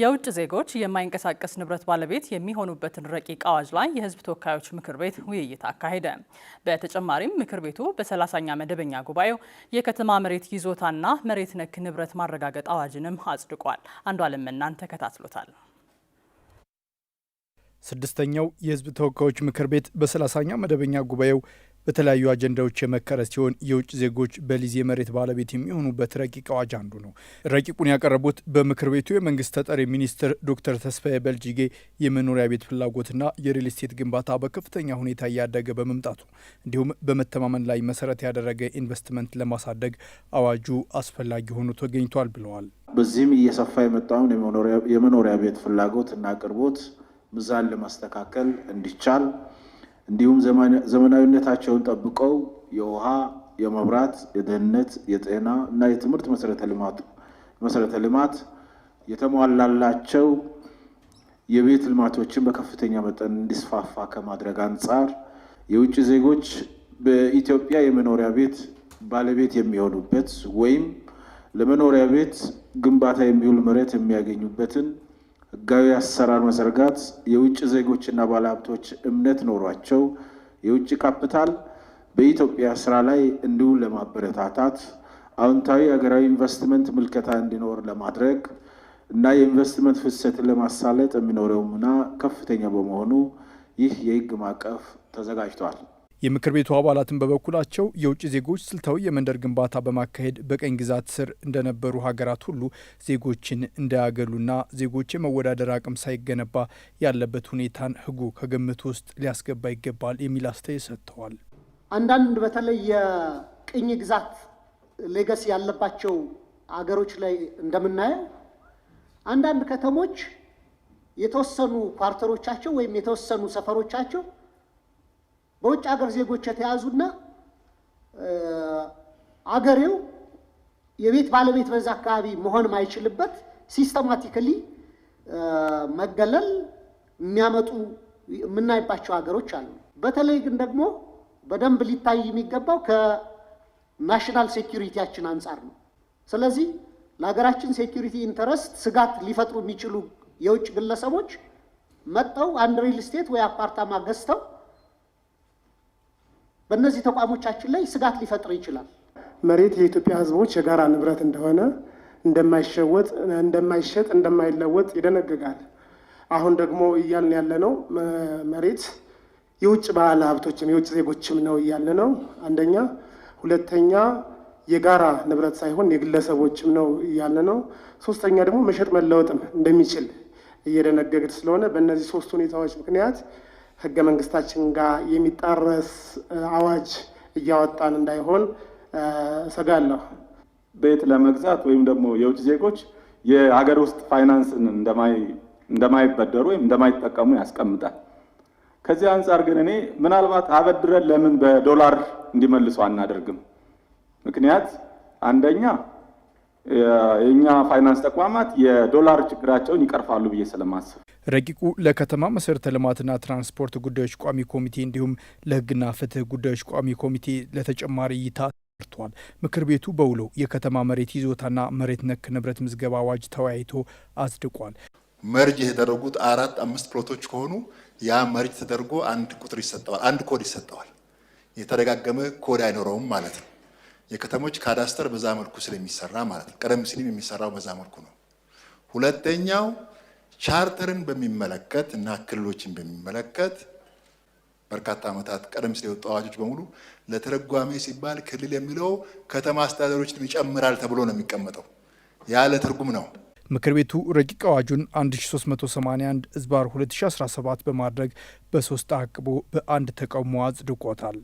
የውጭ ዜጎች የማይንቀሳቀስ ንብረት ባለቤት የሚሆኑበትን ረቂቅ አዋጅ ላይ የሕዝብ ተወካዮች ምክር ቤት ውይይት አካሄደ። በተጨማሪም ምክር ቤቱ በሰላሳኛ መደበኛ ጉባኤው የከተማ መሬት ይዞታና መሬት ነክ ንብረት ማረጋገጥ አዋጅንም አጽድቋል። አንዱ አለም ተከታትሎታል። ስድስተኛው የሕዝብ ተወካዮች ምክር ቤት በሰላሳኛ መደበኛ ጉባኤው በተለያዩ አጀንዳዎች የመከረ ሲሆን የውጭ ዜጎች በሊዝ የመሬት ባለቤት የሚሆኑበት ረቂቅ አዋጅ አንዱ ነው። ረቂቁን ያቀረቡት በምክር ቤቱ የመንግስት ተጠሪ ሚኒስትር ዶክተር ተስፋዬ በልጅጌ የመኖሪያ ቤት ፍላጎትና የሪል ስቴት ግንባታ በከፍተኛ ሁኔታ እያደገ በመምጣቱ እንዲሁም በመተማመን ላይ መሰረት ያደረገ ኢንቨስትመንት ለማሳደግ አዋጁ አስፈላጊ ሆኖ ተገኝቷል ብለዋል። በዚህም እየሰፋ የመጣውን የመኖሪያ ቤት ፍላጎት እና አቅርቦት ምዛን ለማስተካከል እንዲቻል እንዲሁም ዘመናዊነታቸውን ጠብቀው የውሃ፣ የመብራት፣ የደህንነት፣ የጤና እና የትምህርት መሰረተ ልማት የተሟላላቸው የቤት ልማቶችን በከፍተኛ መጠን እንዲስፋፋ ከማድረግ አንጻር የውጭ ዜጎች በኢትዮጵያ የመኖሪያ ቤት ባለቤት የሚሆኑበት ወይም ለመኖሪያ ቤት ግንባታ የሚውል መሬት የሚያገኙበትን ህጋዊ አሰራር መዘርጋት የውጭ ዜጎችና ባለሀብቶች እምነት ኖሯቸው የውጭ ካፒታል በኢትዮጵያ ስራ ላይ እንዲውል ለማበረታታት አዎንታዊ ሀገራዊ ኢንቨስትመንት ምልከታ እንዲኖር ለማድረግ እና የኢንቨስትመንት ፍሰትን ለማሳለጥ የሚኖረው ሚና ከፍተኛ በመሆኑ ይህ የህግ ማዕቀፍ ተዘጋጅቷል። የምክር ቤቱ አባላትን በበኩላቸው የውጭ ዜጎች ስልታዊ የመንደር ግንባታ በማካሄድ በቀኝ ግዛት ስር እንደነበሩ ሀገራት ሁሉ ዜጎችን እንዳያገሉና ዜጎች የመወዳደር አቅም ሳይገነባ ያለበት ሁኔታን ህጉ ከግምት ውስጥ ሊያስገባ ይገባል የሚል አስተያየት ሰጥተዋል። አንዳንድ በተለይ የቅኝ ግዛት ሌገስ ያለባቸው አገሮች ላይ እንደምናየው አንዳንድ ከተሞች የተወሰኑ ኳርተሮቻቸው ወይም የተወሰኑ ሰፈሮቻቸው በውጭ ሀገር ዜጎች የተያዙና አገሬው የቤት ባለቤት በዛ አካባቢ መሆን ማይችልበት ሲስተማቲካሊ መገለል የሚያመጡ የምናይባቸው ሀገሮች አሉ። በተለይ ግን ደግሞ በደንብ ሊታይ የሚገባው ከናሽናል ሴኪሪቲያችን አንጻር ነው። ስለዚህ ለሀገራችን ሴኪሪቲ ኢንተረስት ስጋት ሊፈጥሩ የሚችሉ የውጭ ግለሰቦች መጠው አንድ ሪል ስቴት ወይ አፓርታማ ገዝተው በእነዚህ ተቋሞቻችን ላይ ስጋት ሊፈጥር ይችላል። መሬት የኢትዮጵያ ሕዝቦች የጋራ ንብረት እንደሆነ እንደማይሸወጥ እንደማይሸጥ እንደማይለወጥ ይደነግጋል። አሁን ደግሞ እያልን ያለ ነው መሬት የውጭ ባለ ሀብቶችም የውጭ ዜጎችም ነው እያለ ነው አንደኛ። ሁለተኛ የጋራ ንብረት ሳይሆን የግለሰቦችም ነው እያለ ነው። ሶስተኛ ደግሞ መሸጥ መለወጥም እንደሚችል እየደነገግድ ስለሆነ በእነዚህ ሶስት ሁኔታዎች ምክንያት ህገ መንግስታችን ጋር የሚጣረስ አዋጅ እያወጣን እንዳይሆን እሰጋለሁ። ቤት ለመግዛት ወይም ደግሞ የውጭ ዜጎች የሀገር ውስጥ ፋይናንስን እንደማይበደሩ ወይም እንደማይጠቀሙ ያስቀምጣል። ከዚህ አንጻር ግን እኔ ምናልባት አበድረን ለምን በዶላር እንዲመልሱ አናደርግም? ምክንያት አንደኛ የእኛ ፋይናንስ ተቋማት የዶላር ችግራቸውን ይቀርፋሉ ብዬ ስለማስብ ረቂቁ ለከተማ መሰረተ ልማትና ትራንስፖርት ጉዳዮች ቋሚ ኮሚቴ እንዲሁም ለሕግና ፍትህ ጉዳዮች ቋሚ ኮሚቴ ለተጨማሪ እይታ ተመርቷል። ምክር ቤቱ በውሎ የከተማ መሬት ይዞታና መሬት ነክ ንብረት ምዝገባ አዋጅ ተወያይቶ አጽድቋል። መርጅ የተደረጉት አራት አምስት ፕሎቶች ከሆኑ ያ መርጅ ተደርጎ አንድ ቁጥር ይሰጠዋል፣ አንድ ኮድ ይሰጠዋል። የተደጋገመ ኮድ አይኖረውም ማለት ነው። የከተሞች ካዳስተር በዛ መልኩ ስለሚሰራ ማለት ነው። ቀደም ሲልም የሚሰራው በዛ መልኩ ነው። ሁለተኛው ቻርተርን በሚመለከት እና ክልሎችን በሚመለከት በርካታ ዓመታት ቀደም ሲል የወጡ አዋጆች በሙሉ ለተረጓሜ ሲባል ክልል የሚለው ከተማ አስተዳደሮችን ይጨምራል ተብሎ ነው የሚቀመጠው። ያለ ትርጉም ነው። ምክር ቤቱ ረቂቅ አዋጁን 1381 ዝባር 2017 በማድረግ በሶስት አቅቦ በአንድ ተቃውሞ አጽድቆታል።